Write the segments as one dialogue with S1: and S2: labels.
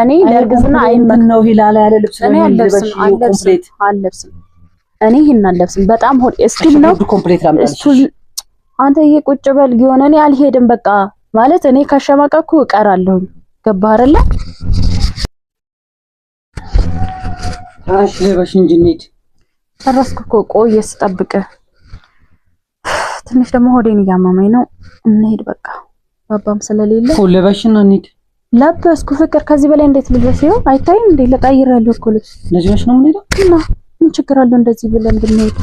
S1: እኔ ለእርግዝና
S2: ነው ሂላላ ያለ ልብስ
S1: ነው የሚለበሽ። ኮምፕሌት እኔ ይሄን አልለብስም። በጣም ሆድ እስኪል ነው
S2: ኮምፕሌት ላምጣልሽ።
S1: አንተ ይሄ ቁጭ በል ጊዮን፣ እኔ አልሄድም። በቃ ማለት እኔ ካሸማቀኩ እቀራለሁ። ገባህ አይደለ?
S2: እሺ ልበሽ እንጂ እንሂድ።
S1: ጨረስኩ እኮ ቆየ ስጠብቅህ። ትንሽ ደግሞ ሆዴን እያመመኝ ነው። እንሄድ በቃ ባባም ስለሌለ
S2: ልበሽና እንሂድ
S1: ለበስኩ ፍቅር ከዚህ በላይ እንዴት ልበስ? ይኸው አይታይም እንዴ? ለቀይራለሁ እኮ ልብስ
S2: ነጅሽ ነው የምንሄደው
S1: እና ምን ችግር አለው እንደዚህ ብለን ብንሄድ።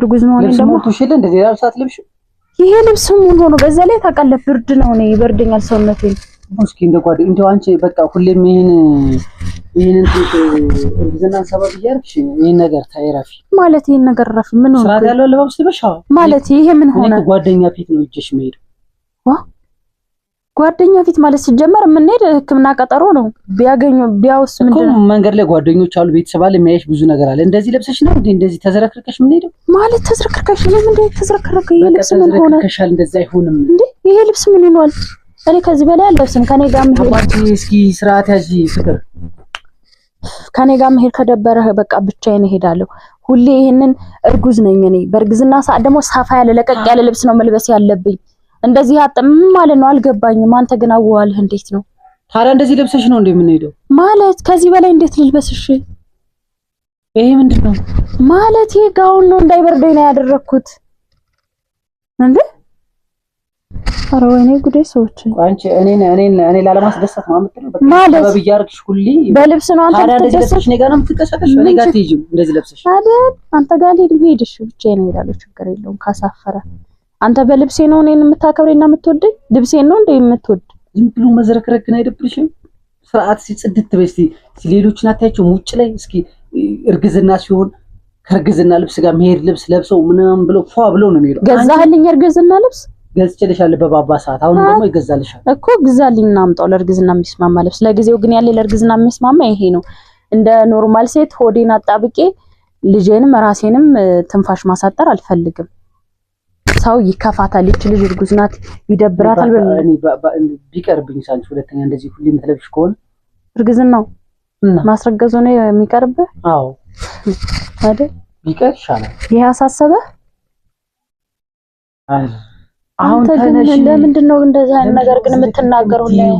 S1: እርጉዝ ነው
S2: አለ ደግሞ ልብስ ነው እንደዚህ ያልሳት ልብሽ
S1: ይሄ ልብስ ምን ሆኖ በዛ ላይ ታውቃለህ፣ ብርድ ነው እኔ ይበርደኛል ሰውነቴ።
S2: እስኪ እንደ ጓደኛ እንደው አንቺ በቃ ሁሌም ይሄን ይሄን ጥንት እርግዝና ሰበብ እያደረግሽ ይሄን ነገር ታይራፊ
S1: ማለት ይሄን ነገር ራፊ ምን ሆኖ
S2: ስራ ያለው ልብስ ልበሽ
S1: ማለት ይሄ ምን ሆነ
S2: ጓደኛ ፊት ነው እጅሽ መሄድ
S1: ዋ ጓደኛ ፊት ማለት ሲጀመር የምንሄድ ህክምና ቀጠሮ ነው። ቢያገኙ ቢያውስ
S2: ምንድን ነው? መንገድ ላይ ጓደኞች አሉ፣ ቤተሰብ አለ፣ የሚያይሽ ብዙ ነገር አለ። እንደዚህ ለብሰሽ ነው እንዴ? እንደዚህ ተዝረክርከሽ የምንሄደው
S1: ማለት ተዝረክርከሽ? ለምን እንደ ተዝረክርከ ይሄ ልብስ ምን ሆነ? ተዝረክርከሻል።
S2: እንደዛ አይሆንም
S1: እንዴ? ይሄ ልብስ ምን ይሆናል? እኔ ከዚህ በላይ አልለብስም። ከኔ ጋር መሄድ
S2: አባቲ፣ እስኪ ስርዓት ያዢ ፍቅር።
S1: ከኔ ጋር መሄድ ከደበረ በቃ ብቻዬን እሄዳለሁ። ሁሌ ይሄንን እርጉዝ ነኝ እኔ። በእርግዝና ሰዓት ደግሞ ሰፋ ያለ ለቀቅ ያለ ልብስ ነው መልበስ ያለብኝ። እንደዚህ አጥም ማለት ነው። አልገባኝም። አንተ ግን አዋዋልህ እንዴት ነው
S2: ታዲያ? እንደዚህ ለብሰሽ ነው እንደምንሄደው
S1: ማለት ከዚህ በላይ እንዴት ልልበስሽ? ይሄ ምንድን ነው ማለት? ይሄ ጋውን ነው እንዳይበርደኝ ነው ያደረኩት እንዴ ኧረ ወይኔ ጉዴ! ሰዎች
S2: አንቺ እኔን እኔን እኔ ላለማስደሰት ነው የምትለው? ማለት ሰበብ እያደረግሽ ሁሌ
S1: በልብስ ነው። አንተ
S2: ትደሰትሽ ነገር ነው የምትቀሰቀሽ፣ እኔ ጋር ትሄጂም እንደዚህ ለብሰሽ
S1: አይደል? አንተ ጋር ልሄድ ሄድሽ ብቻዬን ነው ይላሉ። ችግር የለውም ካሳፈረ አንተ በልብሴ ነው እኔን የምታከብሬና የምትወደኝ? ልብሴን ነው እንደ የምትወድ
S2: ዝም ብሎ መዝረክረክ አይደብርሽም? ስርዓት ሲጽድት በይ ሌሎችን አታያቸው ውጭ ላይ እስኪ እርግዝና ሲሆን ከእርግዝና ልብስ ጋር መሄድ ልብስ ለብሰው ምናምን ብለው ፏ ብለው ነው የሚሄዱ።
S1: ገዛህልኝ እርግዝና ልብስ
S2: ገዝቼልሻለሁ በባባ ሰዓት። አሁን ደግሞ ይገዛልሻል
S1: እኮ ግዛልኝ፣ እናምጣው ለእርግዝና የሚስማማ ልብስ። ለጊዜው ግን ያለ ለእርግዝና የሚስማማ ይሄ ነው። እንደ ኖርማል ሴት ሆዴን አጣብቄ ልጄንም ራሴንም ትንፋሽ ማሳጠር አልፈልግም። ሰው ይከፋታል። ይች ልጅ እርጉዝ ናት፣ ይደብራታል።
S2: ቢቀርብኝ ሳንቺ ሁለተኛ እንደዚህ ሁሌ የምትለብሽ ከሆነ
S1: እርግዝን ነው ማስረገዙ ነው የሚቀርብህ። አዎ አይደል?
S2: ቢቀር ይሻላል።
S1: ይሄ አሳሰበ አንተ ግን ለምንድን ነው እንደዚህ አይነት ነገር ግን የምትናገረው? ላይ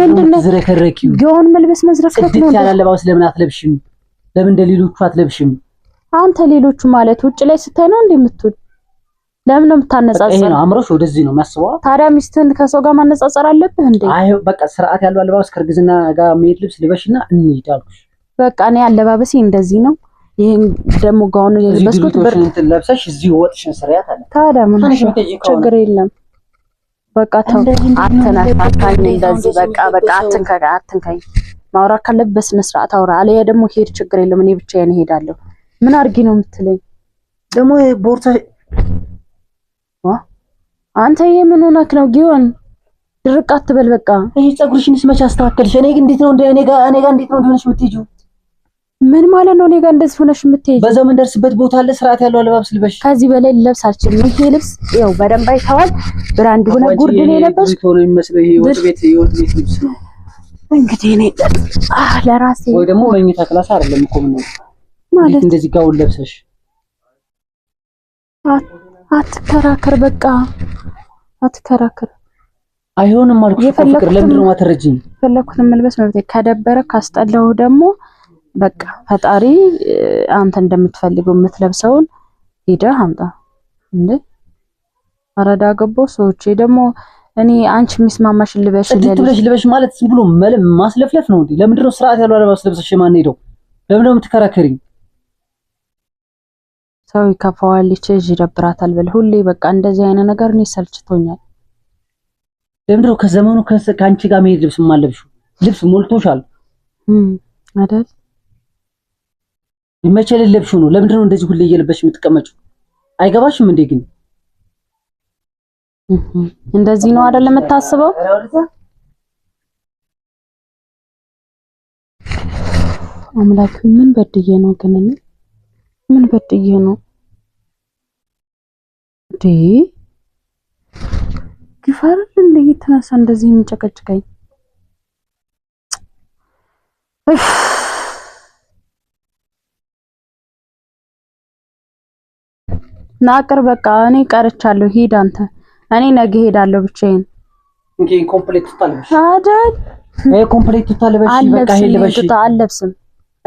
S2: ምንድን ነው ዝረከረኪው?
S1: ገውን መልበስ መዝረክረክ
S2: ነው። ያለ ያላለባውስ ለምን አትለብሽም? ለምን እንደሌሎቹ አትለብሽም?
S1: አንተ ሌሎቹ ማለት ውጭ ላይ ስታይ ነው እንዴ እንደምትውል ለምን ነው የምታነጻጽረው?
S2: አምሮሽ፣ ወደዚህ ነው የሚያስበው።
S1: ታዲያ ሚስትህን ከሰው ጋር ማነጻጸር አለብህ እንዴ?
S2: አይ በቃ ስርዓት ያለው አለባበስ ከእርግዝና ጋር መሄድ ልብስ ልበሽና እንሂድ አልኩሽ።
S1: በቃ እኔ አለባበሴ እንደዚህ ነው። ይሄን ደግሞ ጋውኑ የለበስኩት
S2: ብር ለብሰሽ እዚህ ወጥሽን ስርያት አለ።
S1: ታዲያ ምን ችግር የለም። በቃ ተው አትነካካኝ እንደዚህ በቃ በቃ አትንካ አትንካኝ። ማውራት ካለብህ በስነ ስርዓት አውራ። አለያ ደግሞ ሄድ ችግር የለም። እኔ ብቻዬን እሄዳለሁ። ምን አድርጊ ነው የምትለኝ
S2: ደግሞ ቦርሳ
S1: አንተ ይሄ ምን ሆነክ ነው ጊዮን? ድርቅ አትበል በቃ።
S2: ይሄ ፀጉርሽንስ መቼ አስተካከልሽ? እኔ ግን እንዴት ነው እንደ እኔ ጋር እኔ ጋር እንዴት ነው እንደሆነሽ የምትሄጂው?
S1: ምን ማለት ነው? እኔ ጋር እንደዚህ ሆነሽ የምትሄጂው?
S2: በዛው ምን ደርስበት ቦታ አለ። ስርዓት ያለው አለባብስ ልበሽ።
S1: ከዚህ በላይ ልለብስ አልችልም። ይሄ ልብስ ይኸው በደንብ አይተዋል። ብራንድ ሆነ ጉርድ
S2: ነው የለበስሽ። ቶሎ የሚመስለው ይሄ ወጥ ቤት የወጥ ቤት ልብስ ነው።
S1: እንግዲህ እኔ አህ ለራሴ
S2: ወይ ደግሞ መኝታ ክላስ አይደለም እኮ ምን ማለት እንደዚህ ጋውን ለብሰሽ
S1: አትከራከር፣ በቃ አትከራከር።
S2: አይሆንም አልኩሽ ፍቅር። ለምንድን ነው የማትረጂኝ?
S1: የፈለኩትን መልበስ ከደበረ ካስጠላው ደግሞ በቃ ፈጣሪ አንተ እንደምትፈልገው የምትለብሰውን ሂደህ አምጣ። እንዴ አረዳ ገቦ ሰዎች ደግሞ እኔ አንቺ ልበሽ
S2: ልበሽ ልበሽ ማለት ዝም ብሎ ማስለፍለፍ ነው እንዴ? ለምንድን ነው ስርዓት ያለው አለባበስ ለብሰሽ ማን ሄደው? ለምንድን ነው የምትከራከሪኝ?
S1: ሰው ይከፋዋል፣ ልጅ ይደብራታል ብለህ ሁሌ በቃ እንደዚህ አይነት ነገር እኔ ሰልችቶኛል።
S2: ለምንድን ነው ከዘመኑ ከአንቺ ጋር መሄድ ልብስ ማለብሽ ልብስ ሞልቶሻል አይደል? መቼ ለለብሽው ነው? ለምንድን ነው እንደዚህ ሁሌ እየለበሽ የምትቀመጭው? አይገባሽም እንዴ? ግን
S1: እንደዚህ ነው አይደል የምታስበው? አምላክ ምን በድዬ ነው ግን ምን በድዬ ነው እንዴ? ግፋር እንደ እየተነሳ እንደዚህ የሚጨቀጭቀኝ ናቅር በቃ እኔ ቀርቻለሁ። ሂድ አንተ። እኔ ነገ ሄዳለሁ ብቻዬን።
S2: እንጂ ኮምፕሌክስ ታለበሽ አይደል? አይ ኮምፕሌክስ ታለበሽ።
S1: በቃ ሄድ ልበሽ። አለብስም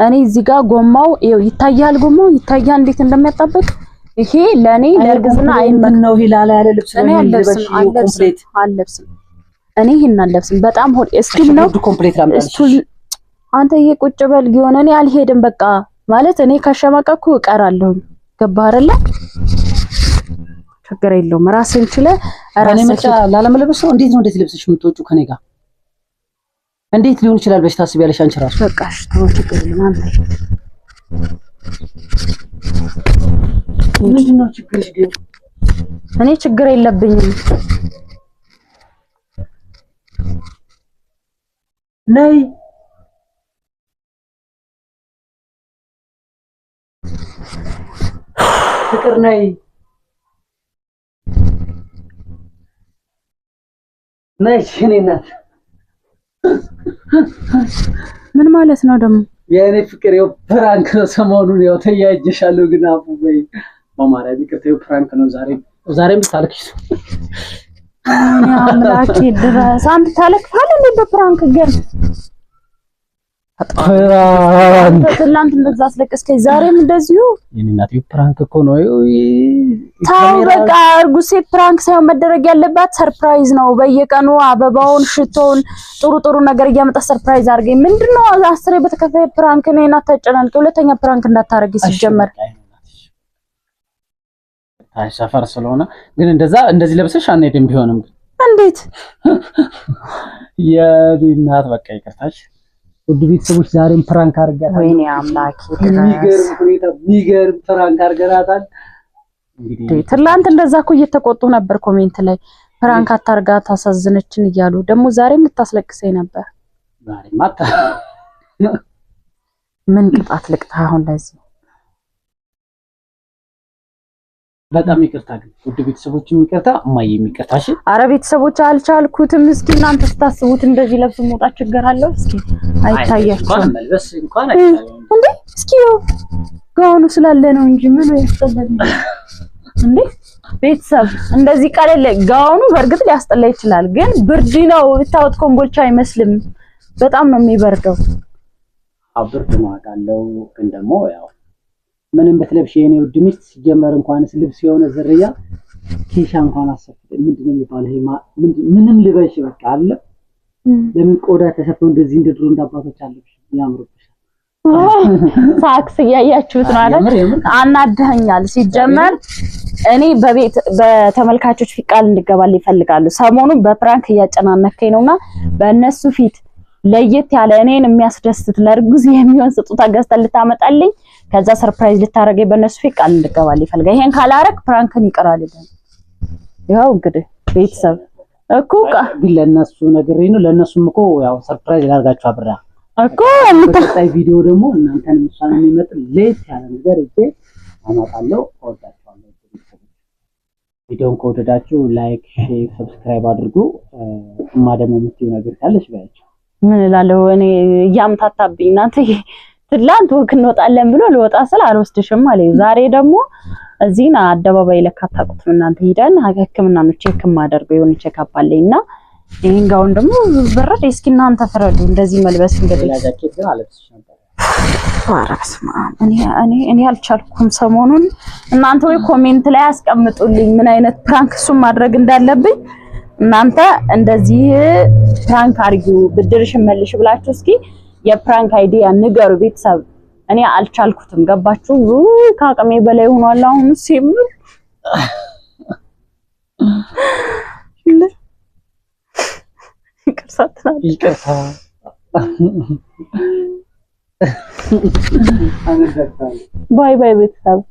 S1: እኔ እዚህ ጋር ጎማው ይኸው ይታያል፣ ጎማው ይታያል እንዴት እንደሚያጣበቅ ይሄ ለኔ ለእርግዝና አይመን
S2: ነው። ሂላላ ያለ ልብስ ነው።
S1: እኔ አለብስም አለብስም እኔ ይሄን አለብስም። በጣም ሆድ እስኪም ነው እሱ። አንተ ይሄ ቁጭ በል ጊዮን፣ እኔ አልሄድም። በቃ ማለት እኔ ካሸማቀኩ እቀራለሁ። ገባህ አይደለ? ችግር የለውም። ራስህን ችለህ
S2: ራስህን ላለመልበስ ነው። እንዴት ነው እንዴት ልብስሽ የምትወጪው ከኔ ጋር እንዴት ሊሆን ይችላል ብለሽ ታስቢያለሽ? አንቺ ራሱ
S1: በቃ ችግር
S2: ምንድነው ችግር?
S1: እኔ ችግር የለብኝም።
S2: ነይ ፍቅር ነይ ነይ እኔ እናት
S1: ምን ማለት ነው ደግሞ?
S2: የእኔ ፍቅር ይኸው ፕራንክ ነው። ሰሞኑን ያው ተያይጀሻለሁ፣ ግን አቡ ወይ ማማሪያ ቢቀር ይኸው ፕራንክ ነው። ዛሬ ዛሬም ታልክሽ
S1: አምላኬ ድረስ አንድ ታለክፋለ በፕራንክ ግን
S2: ፕራንክ
S1: ትናንት እንደዛ አስለቀስከኝ፣ ዛሬም እንደዚሁ።
S2: የእናት ፕራንክ እኮ ነው።
S1: ተው በቃ እርጉዝ ሴት ፕራንክ ሳይሆን መደረግ ያለባት ሰርፕራይዝ ነው። በየቀኑ አበባውን፣ ሽቶውን፣ ጥሩ ጥሩ ነገር እያመጣ ሰርፕራይዝ አድርገኝ። ምንድነው አስሬ በተከፈለ ፕራንክ ነው እና ተጨናንቂ። ሁለተኛ ፕራንክ እንዳታረጊ ሲጀመር
S2: አይ ሰፈር ስለሆነ ግን እንደዛ እንደዚህ ለብሰሽ አንሄድም። ቢሆንም እንዴት የእናት በቃ ይቅርታሽ ውድ ቤተሰቦች ዛሬም ፕራንክ አድርጋታል።
S1: ወይኔ አምላኬ
S2: የሚገርም ሁኔታ የሚገርም ፕራንክ አድርጋታል።
S1: እንግዲህ ትላንት እንደዛ እኮ እየተቆጡ ነበር ኮሜንት ላይ ፕራንክ አታርጋት አሳዝነችን እያሉ ደግሞ ዛሬም ልታስለቅሰኝ ነበር።
S2: ዛሬም አታ
S1: ምን ቅጣት ልቅታ አሁን ለዚህ
S2: በጣም ይቅርታ ግን ውድ ቤተሰቦች የሚቀርታ እማዬ የሚቅርታሽ። እሺ።
S1: አረ ቤተሰቦች አልቻልኩትም። እስኪ እናንተ ስታስቡት እንደዚህ ለብስ መውጣት ችግር አለው እስኪ
S2: አይታያቸውም
S1: እስኪ ጋውኑ ስላለ ነው እንጂ ምን ያስጠላል እንዴ? ቤተሰብ እንደዚህ ቀለል ጋውኑ በእርግጥ ሊያስጠላ ይችላል፣ ግን ብርድ ነው ብታወጥ ኮምቦልቻ አይመስልም። በጣም ነው የሚበርደው።
S2: ብርድ ነው አውቃለሁ፣ ግን ደግሞ ያው ምንም ብትለብሽ የኔ ውድ ሚስት ሲጀመር እንኳንስ ልብስ የሆነ ዝርያ ኬሻ እንኳን አሰፍት የሚባለው? ምንም ልበሽ በቃ አለ ለምን ቆዳ ተሸፍኖ እንደዚህ እንደ ድሮ እንዳባቶች አለብሽ ያምርብሻል።
S1: ታክስ እያያችሁት ነው አይደል? አናደኸኛል። ሲጀመር እኔ በቤት በተመልካቾች ፊት ቃል እንድገባል ይፈልጋሉ። ሰሞኑን በፕራንክ እያጨናነከኝ ነውና በእነሱ ፊት ለየት ያለ እኔን የሚያስደስት ለእርጉዝ የሚሆን ስጦታ ገዝተን ልታመጣልኝ ከዛ ሰርፕራይዝ ልታረገኝ በእነሱ ፊት ቃል እንድገባል ይፈልጋል። ይሄን ካላረግ ፕራንክን ይቀራል። ይኸው እንግዲህ ቤተሰብ እኮ
S2: ግን ለእነሱ ነግሬ ነው። ለእነሱም እኮ ያው ሰርፕራይዝ ላድርጋችሁ አብራ እኮ የምታይ ቪዲዮ ደግሞ እናንተን ምሳሌ የሚመጥ ለየት ያለ ነገር እጄ አመጣለሁ። እወዳችኋለሁ። ቪዲዮን ከወደዳችሁ ላይክ፣ ሼር፣ ሰብስክራይብ አድርጉ። እማ ደግሞ የምትይው ነገር ካለች ባያቸው
S1: ምን እላለሁ እኔ እያምታታብኝ ናት። ትላንት ወክ እንወጣለን ብሎ ልወጣ ስል አልወስድሽም አለኝ። ዛሬ ደግሞ እዚህን አደባባይ ለካ አታውቁትም እናንተ። ሄደን ህክምና ነው ቼክ የማደርገው የሆነ ቼክ አፕ አለኝ እና ይህን ጋውን ደግሞ በረድ እስኪ እናንተ ፍረዱ። እንደዚህ መልበስ እንግዲህ እኔ አልቻልኩም ሰሞኑን። እናንተ ወይ ኮሜንት ላይ አስቀምጡልኝ ምን አይነት ፕራንክ እሱን ማድረግ እንዳለብኝ እናንተ እንደዚህ ፕራንክ አርጊው ብድርሽን መልሽ ብላችሁ እስኪ የፕራንክ አይዲያ ንገሩ ቤተሰብ። እኔ አልቻልኩትም። ገባችሁ? ከአቅሜ በላይ ሆኗል። አሁን ሲምር ይቅርታ ባይ ባይ ቤተሰብ